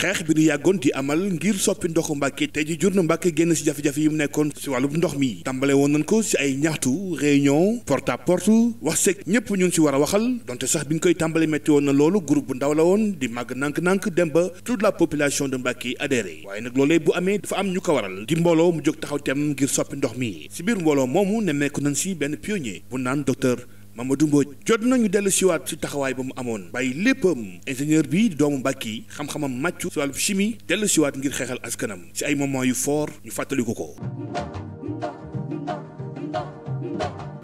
xeex bi nu yàggoon di amal ngir soppi ndoxu Mbàkke tey ji jur na Mbàkke génn si jafe-jafe yi mu nekkoon si wàllum ndox mi tàmbale woon nañ ko si ay ñaxtu réunion porte à porte wax seeg ñëpp ñun si war a waxal donte sax bi ñu koy tàmbale métti woon na loolu groupe bu ndaw la woon di màgg nànk nank dem ba tut la population de Mbàkke adhéré waaye nag loolee bu amee dafa am ñu ko waral di mbooloo mu jóg taxaw tem ngir soppi ndox mi si biir mbooloo moomu nemmeeku nañ si benn pionnier bu naan docteur Mamadou Mbodj jot nañu dellu siwaat ci taxawaay ba mu amoon bàyyi léppam ingénieur bi doomu Mbàkki xam-xamam màccu ci wàllu chimie dellu siwaat ngir xeexal askanam ci ay moments yu fort ñu fàttaliku ko.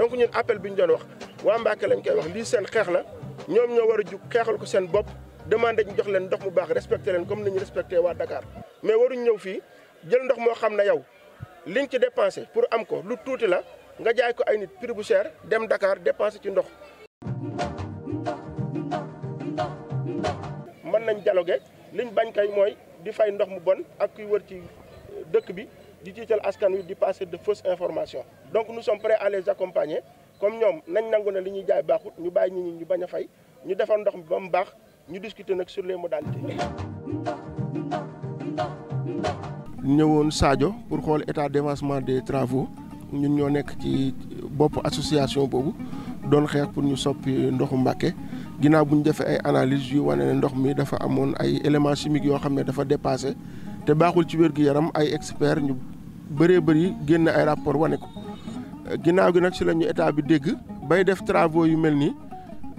donc ñun appel bi ñu doon wax waa Mbàkke lañ koy wax lii seen xeex la ñoom ñoo war a jug xeexal ko seen bopp demandé ñu jox leen ndox mu baax respecté leen comme ni ñu waa Dakar mais waruñ ñëw fii jël ndox moo xam ne yow liñ ci dépensé pour am nga jaay ko ay nit piri bu cher dem Dakar dépansé ci ndox. mën nañ jaloge liñ bañ kay mooy di fay ndox mu bon ak kuy wër ci dëkk bi di tiital askan wi di passer de fausses information donc nous sommes prêts à accompagner comme ñoom nañ nangu ne li ñuy jaay baaxut ñu bàyyi nit ñi ñu bañ a fay ñu defar ndox mi ba mu baax ñu discuter nag sur les modalités. ñëwoon Sadio pour xool état d'avancement des travaux. ñun ñoo nekk ci bopp association boobu doon xeex pour ñu soppi ndoxu Mbàkke ginnaaw bu ñu defee ay analyse yu wane ne ndox mi dafa amoon ay éléments chimiques yoo xam ne dafa dépassé te baaxul ci wér-gu-yaram ay experts ñu bëree bëri génn ay rapport wane ko ginnaaw gi nag ci lañu ñu état bi dégg bay def travaux yu mel nii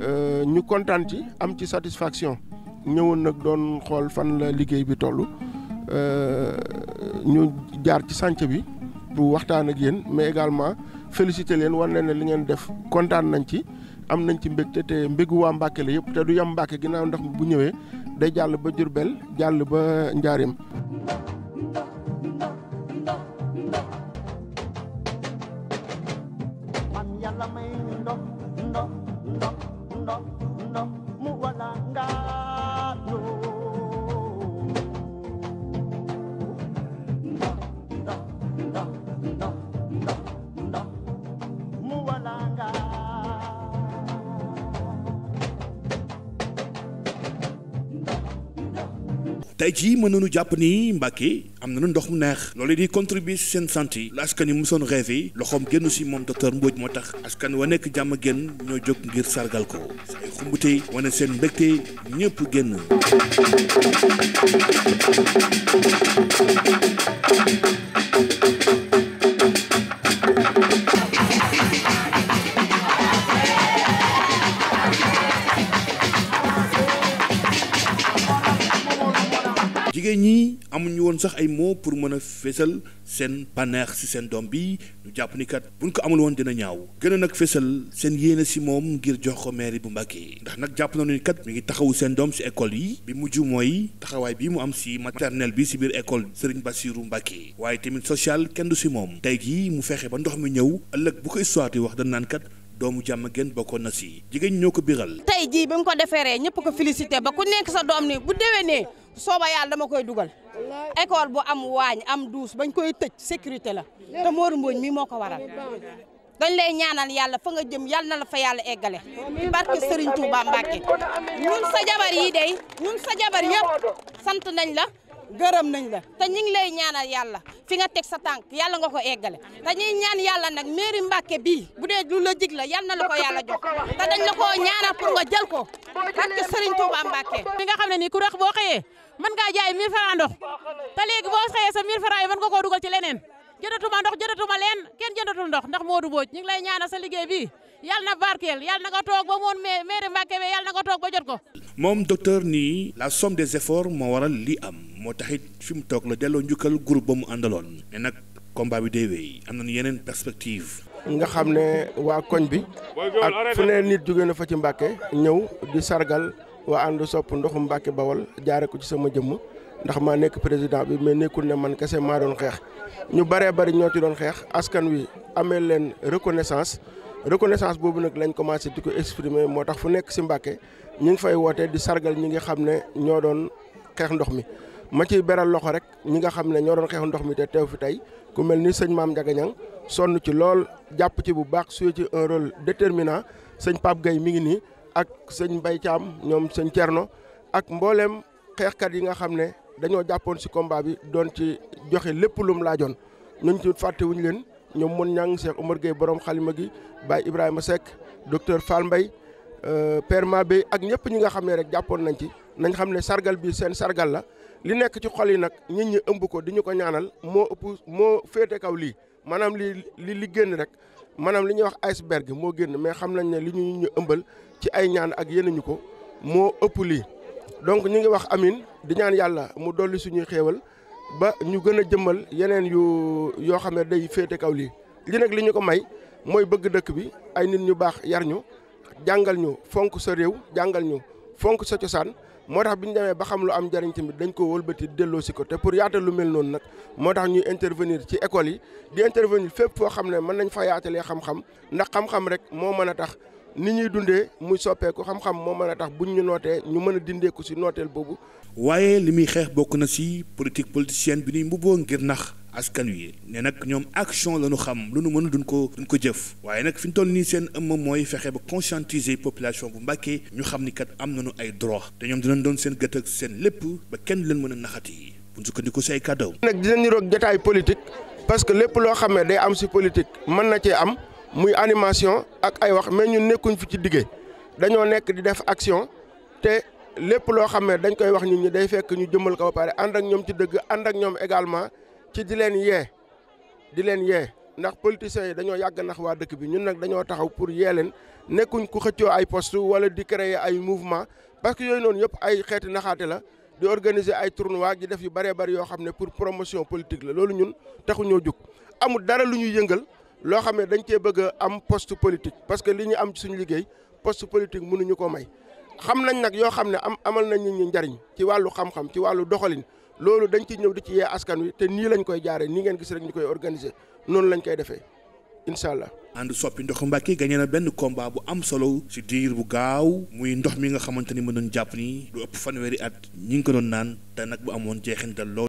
euh, ñu kontaan ci am ci satisfaction ñëwoon nag doon xool fan la liggéey bi toll euh, ñu jaar ci sànc bi pour waxtaan ak yéen mais également félicité leen war leen ne li ngeen def kontaan nañ ci am nañ ci mbégte te mbégu waa Mbàkke la yëpp te du yem Mbàkke ginnaaw ndax bu ñëwee day jàll ba Jurbel jàll ba Njaarim tey jii mën nañu jàpp ni Mbàkke am na nañu ndox mu neex loolu di contribuer si seen santé yi la askan yi mosoon rêvé loxoom génn si moom docteur Mbodj moo tax askan wa nekk jàmm génn ñoo jóg ngir sargal ko say xumbute wane seen mbégte ñëpp génn jigéen ñi amuñu woon sax ay moo pour mën a fésal seen bànneex si seen doom bi ñu jàpp ni kat buñ ko amul woon dina ñaaw gën a nag fésal seen yéene si moom ngir jox ko mairie bu Mbacké ndax nag jàpp nañu ni kat mu ngi taxawu seen doom si école yi bi mujj mooy taxawaay bi mu am si maternelle bi si biir école Serigne Bassirou Mbacké waaye tamit social kenn du si moom tey jii mu fexe ba ndox mi ñëw ëllëg bu ko histoire wax dañ naan kat. doomu jàmm gën bokkoon na si jigéen ñoo ko ko deferee ñëpp ko félicité sooba yàlla dama koy dugal école bu am waañ am duus bañ koy tëj sécurité la te Modou Mbodj mi moo ko waral dañ lay ñaanal yàlla fa nga jëm yàlla na la fa yàlla eggale barke Serigne Touba Mbacke ñun sa jabar yi dey ñun sa jabar yëpp sant nañ la gërëm nañ la te ñu ngi lay ñaanal yàlla fi nga teg sa tànk yàlla nga ko eggale te ñuy ñaan yàlla nag mairie Mbacke bii bu dee lu la jig la yàlla na la ko yàlla jox te dañ la koo ñaanal pour nga jël ko barke Serigne Touba Mbacke mi nga xam ne boo xëyee mën ngaa jaay 1000 francs ndox te léegi boo xëyee sa 1000 francs yi mën nga koo dugal ci leneen jëndatuma ndox jëndatuma leen kenn jëndatul ndox ndax Modou Mbodj ñu ngi lay ñaanal sa liggéey bi yàlla na barkeel yàlla na nga toog ba moon maire Mbacke bi yàlla na nga toog ba jot ko. moom docteur nii la somme des efforts moo waral li am moo taxit fi mu toog la delloo njukkal groupe ba mu àndaloon. mais nag bi day wéy am nañu yeneen perspective nga xam ne waa koñ bi ak fu fa ci Mbacke ñëw di sargal. waa ànd sopp ndoxu Mbàkke Bawol jaare ko ci sama jëmm ndax maa nekk président bi mais nekkul ne man kese maa doon xeex ñu bëree bëri ñoo ci doon xeex askan wi amee leen reconnaissance reconnaissance boobu nag lañ commencé di ko exprimer moo tax fu nekk si Mbàkke ñu ngi fay woote di sargal ñi nga xam ne ñoo doon xeex ndox mi ma ci beral loxo rek ñi nga xam ne ñoo doon xeex ndox mi te teew fi tey ku mel ni sëñ maam Ndiagañang sonn ci lool jàpp ci bu baax suy ci un rôle déterminant sëñ Pape Gueye mi ngi nii ak sëñ Mbaye Thiam ñoom sëñ Thierno ak mbooleem xeexkat yi nga xam ne dañoo jàppoon si combat bi doon ci joxe lépp lum laajoon ñun ci fàttewuñu leen ñoom mën ñang Cheikh Omar Gueye borom xalima gi Baye Ibrahima Seck docteur Fall Mbaye euh, Père Mabé ak ñëpp ñi nga xam ne rek jàppoon nañ ci nañ xam ne sargal bi seen sargal la li nekk ci xol yi nag nit ñi ëmb ko di ñu ko ñaanal moo ëpp moo féete kaw lii maanaam li li li génn rek maanaam li ñuy wax iceberg moo génn mais xam nañ ne li ñu ñu ëmbal ci ay ñaan ak yenn ñu ko moo ëpp lii donc ñu ngi wax amin di ñaan yàlla mu dolli suñuy xéewal ba ñu gën a jëmmal yeneen yu yoo xam ne day féete kaw lii li nag li ñu ko may mooy bëgg dëkk bi ay nit ñu baax yar ñu jàngal ñu fonk sa réew jàngal ñu fonk sa cosaan moo tax bi ñu demee ba xam lu am njariñ tamit dañ ko walbati delloo si ko te pour yaatal lu mel noonu nag moo tax ñuy intervenir ci école yi di intervenir fépp foo xam ne mën nañ fa yaatalee xam-xam ndax xam-xam rek moo mën a tax ni ñuy dundee muy soppeeku xam-xam moo mën a tax bu ñu nootee ñu mën a dindeeku ci nooteel boobu. waaye li muy xeex bokk na ci politique politicienne bi ñuy mbubboo ngir nax askan wi ne nag ñoom action la ñu xam lu nu mën duñ ko duñ ko jëf waaye nag fi ñu toll nii seen ëmm mooy fexe ba conscientiser population bu Mbàkke ñu xam ni kat am na nañu ay droit te ñoom dinañ doon seen gët ak seen lépp ba kenn leen mën a naxati yi bu ñu sukkandiku say kàddaw. nag dinañu roog jotaay parce que lépp loo xam ne day am ci politique mën na cee am. muy animation ak ay wax mais ñun nekkuñ fi ci digge dañoo nekk di def action te lépp loo xam ne dañ koy wax ñun ñi day fekk ñu jëmmal ko ba pare ànd ak ñoom ci dëgg ànd ak ñoom également ci di leen yee di leen yee ndax politiciens yi dañoo yàgg nax waa dëkk bi ñun nag dañoo taxaw pour yee leen nekkuñ ku xëccoo ay post wala di créer ay mouvement parce que yooyu noonu yëpp ay xeeti naxaate la di organiser ay tournois di def yu bëree bëri yoo xam ne pour promotion politique la loolu ñun taxuñoo jóg amul dara lu ñuy yëngal loo xam ne dañ cee bëgg am post politique parce que li ñu am suñu liggéey poste politique mënuñu ko may xam nañ nag yoo xam ne am amal nañ ñu njariñ ci wàllu xam-xam ci wàllu doxalin loolu dañ ci ñëw di ci yee askan wi te nii lañ koy jaaree nii ngeen gis rek ñu koy organiser noonu lañ koy defee incha allah. ànd soppi ndoxu Mbàkke gañe na benn combat bu am solo ci diir bu gaaw muy ndox mi nga xamante ni ma doon jàpp nii lu ëpp fanweeri at ñi ngi ko doon naan te nag bu amoon jeexintal lool.